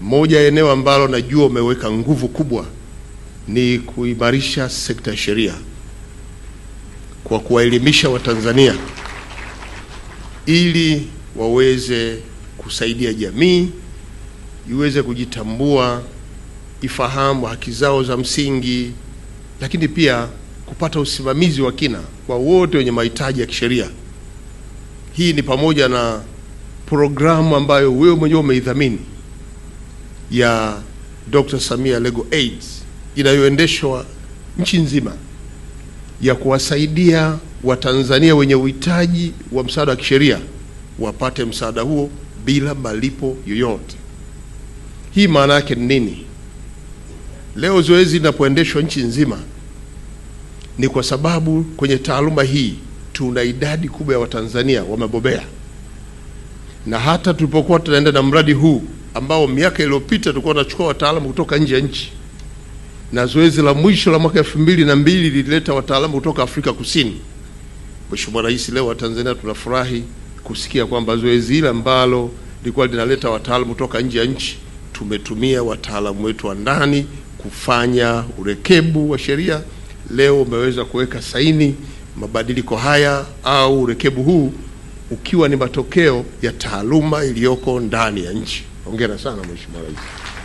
Moja ya eneo ambalo najua umeweka nguvu kubwa ni kuimarisha sekta ya sheria kwa kuwaelimisha Watanzania ili waweze kusaidia jamii iweze kujitambua, ifahamu haki zao za msingi, lakini pia kupata usimamizi wa kina kwa wote wenye mahitaji ya kisheria. Hii ni pamoja na programu ambayo wewe mwenyewe umeidhamini ya Dr. Samia Legal Aid inayoendeshwa nchi nzima ya kuwasaidia Watanzania wenye uhitaji wa msaada wa kisheria wapate msaada huo bila malipo yoyote. Hii maana yake ni nini? Leo zoezi linapoendeshwa nchi nzima ni kwa sababu kwenye taaluma hii tuna idadi kubwa ya Watanzania wamebobea, na hata tulipokuwa tunaenda na mradi huu ambao miaka iliyopita tulikuwa tunachukua wataalamu kutoka nje ya nchi, na zoezi la mwisho la mwaka elfu mbili na mbili lilileta wataalamu kutoka Afrika Kusini. Mheshimiwa Rais, leo wa Tanzania tunafurahi kusikia kwamba zoezi hili ambalo lilikuwa linaleta wataalamu kutoka nje ya nchi, tumetumia wataalamu wetu wa ndani kufanya urekebu wa sheria. Leo umeweza kuweka saini mabadiliko haya au urekebu huu ukiwa ni matokeo ya taaluma iliyoko ndani ya nchi. Hongera sana Mheshimiwa Rais.